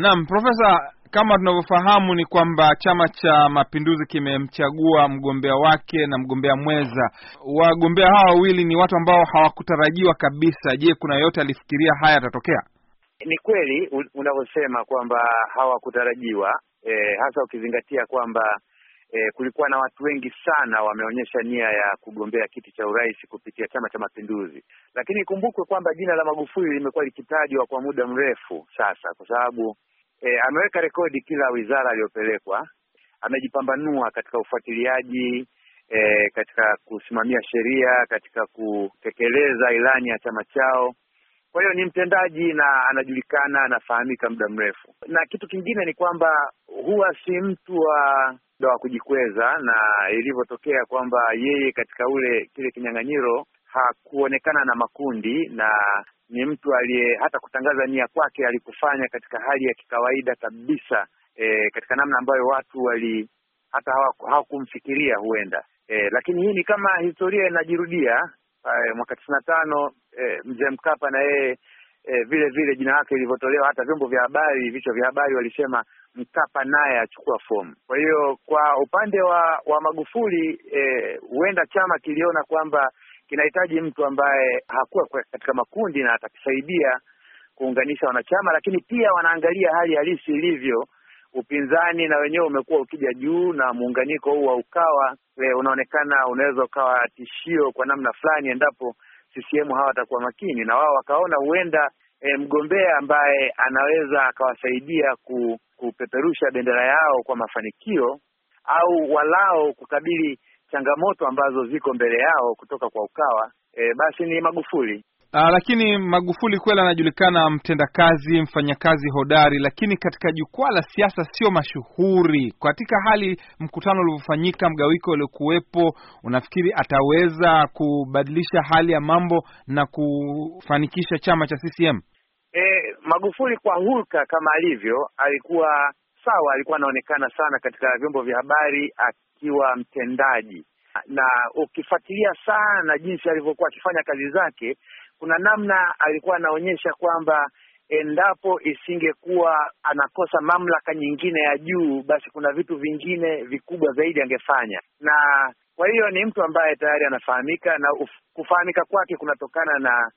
Naam, Profesa, kama tunavyofahamu ni kwamba Chama cha Mapinduzi kimemchagua mgombea wake na mgombea mweza. Wagombea hawa wawili ni watu ambao hawakutarajiwa kabisa. Je, kuna yote alifikiria haya yatatokea? Ni kweli unavyosema kwamba hawakutarajiwa, e, eh, hasa ukizingatia kwamba e, kulikuwa na watu wengi sana wameonyesha nia ya kugombea kiti cha urais kupitia Chama cha Mapinduzi, lakini ikumbukwe kwamba jina la Magufuli limekuwa likitajwa kwa muda mrefu sasa, kwa sababu e, ameweka rekodi kila wizara aliyopelekwa, amejipambanua katika ufuatiliaji e, katika kusimamia sheria, katika kutekeleza ilani ya chama chao kwa hiyo ni mtendaji na anajulikana, anafahamika muda mrefu. Na kitu kingine ni kwamba huwa si mtu wa wa kujikweza, na ilivyotokea kwamba yeye katika ule kile kinyang'anyiro hakuonekana na makundi na ni mtu aliye hata kutangaza nia kwake alikufanya katika hali ya kikawaida kabisa, e, katika namna ambayo watu wali hata hawakumfikiria huenda e, lakini hii ni kama historia inajirudia. E, mwaka tisini na tano Eh, mzee Mkapa na yeye e, vile vile jina lake lilivyotolewa, hata vyombo vya habari, vichwa vya habari walisema Mkapa naye achukua fomu. Kwa hiyo kwa upande wa wa Magufuli eh, huenda e, chama kiliona kwamba kinahitaji mtu ambaye hakuwa katika makundi na atakisaidia kuunganisha wanachama, lakini pia wanaangalia hali halisi ilivyo. Upinzani na wenyewe umekuwa ukija juu na muunganiko huu wa Ukawa e, unaonekana unaweza ukawa tishio kwa namna fulani endapo CCM hawa watakuwa makini na wao wakaona huenda e, mgombea ambaye anaweza akawasaidia ku, kupeperusha bendera yao kwa mafanikio au walao kukabili changamoto ambazo ziko mbele yao kutoka kwa Ukawa e, basi ni Magufuli. Aa, ah, lakini Magufuli kweli anajulikana mtendakazi, mfanyakazi hodari, lakini katika jukwaa la siasa sio mashuhuri. Katika hali mkutano ulivyofanyika, mgawiko uliokuwepo, unafikiri ataweza kubadilisha hali ya mambo na kufanikisha chama cha CCM? E, Magufuli kwa hulka kama alivyo, alikuwa sawa, alikuwa anaonekana sana katika vyombo vya habari akiwa mtendaji na ukifuatilia sana jinsi alivyokuwa akifanya kazi zake, kuna namna alikuwa anaonyesha kwamba endapo isingekuwa anakosa mamlaka nyingine ya juu, basi kuna vitu vingine vikubwa zaidi angefanya. Na kwa hiyo ni mtu ambaye tayari anafahamika, na kufahamika kwake kunatokana na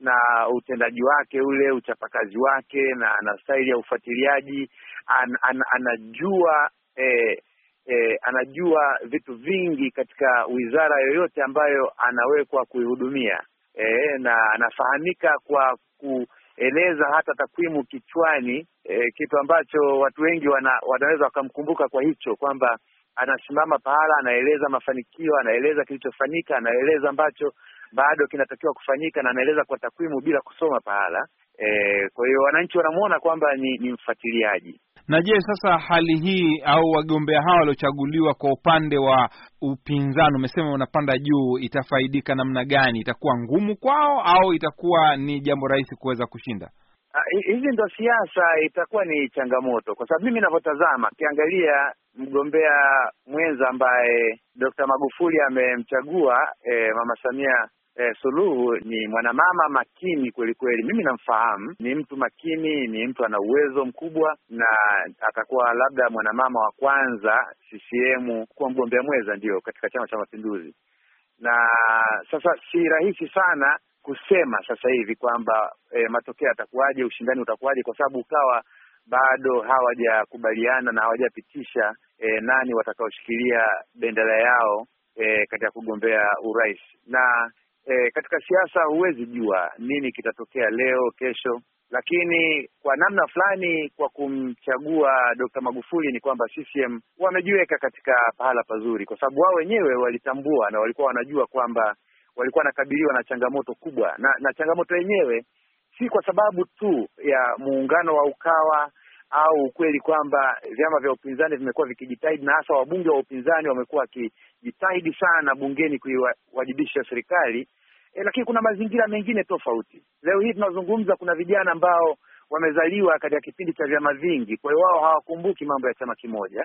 na utendaji wake ule, uchapakazi wake na na staili ya ufuatiliaji. An, an, anajua eh, eh, anajua vitu vingi katika wizara yoyote ambayo anawekwa kuihudumia e, na anafahamika kwa kueleza hata takwimu kichwani e, kitu ambacho watu wengi wana, wanaweza wakamkumbuka kwa hicho kwamba anasimama pahala, anaeleza mafanikio, anaeleza kilichofanyika, anaeleza ambacho bado kinatakiwa kufanyika, na anaeleza kwa takwimu bila kusoma pahala. E, kwa hiyo wananchi wanamwona kwamba ni, ni mfuatiliaji. Na je, sasa hali hii au wagombea hawa waliochaguliwa kwa upande wa upinzani, umesema unapanda juu, itafaidika namna gani? Itakuwa ngumu kwao au itakuwa ni jambo rahisi kuweza kushinda? Ah, hizi ndo siasa, itakuwa ni changamoto, kwa sababu mimi ninavyotazama, ukiangalia mgombea mwenza ambaye dokta Magufuli amemchagua e, Mama Samia eh, Suluhu ni mwanamama makini kweli kweli, mimi namfahamu, ni mtu makini, ni mtu ana uwezo mkubwa, na atakuwa labda mwanamama wa kwanza CCM kuwa mgombea mwenza, ndio katika Chama cha Mapinduzi. Na sasa si rahisi sana kusema sasa hivi kwamba eh, matokeo yatakuwaje, ushindani utakuwaje, kwa sababu ukawa bado hawajakubaliana na hawajapitisha eh, nani watakaoshikilia bendera yao e, katika kugombea urais na E, katika siasa huwezi jua nini kitatokea leo kesho, lakini kwa namna fulani kwa kumchagua Dkt. Magufuli ni kwamba CCM wamejiweka katika pahala pazuri, kwa sababu wao wenyewe walitambua na walikuwa wanajua kwamba walikuwa wanakabiliwa na changamoto kubwa, na, na changamoto yenyewe si kwa sababu tu ya muungano wa Ukawa au ukweli kwamba vyama vya upinzani vimekuwa vikijitahidi na hasa wabunge wa upinzani wamekuwa wakijitahidi sana bungeni kuiwajibisha serikali e, lakini kuna mazingira mengine tofauti. Leo hii tunazungumza, kuna vijana ambao wamezaliwa katika kipindi cha vyama vingi, kwa hiyo wao hawakumbuki mambo ya chama kimoja,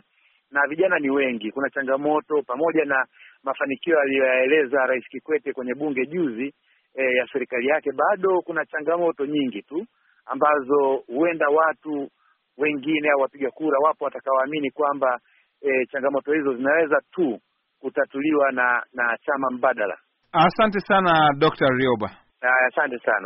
na vijana ni wengi. Kuna changamoto pamoja na mafanikio aliyoyaeleza Rais Kikwete kwenye bunge juzi e, ya serikali yake, bado kuna changamoto nyingi tu ambazo huenda watu wengine au wapiga kura wapo watakaoamini kwamba e, changamoto hizo zinaweza tu kutatuliwa na na chama mbadala. Asante sana Dr. Rioba. Asante sana.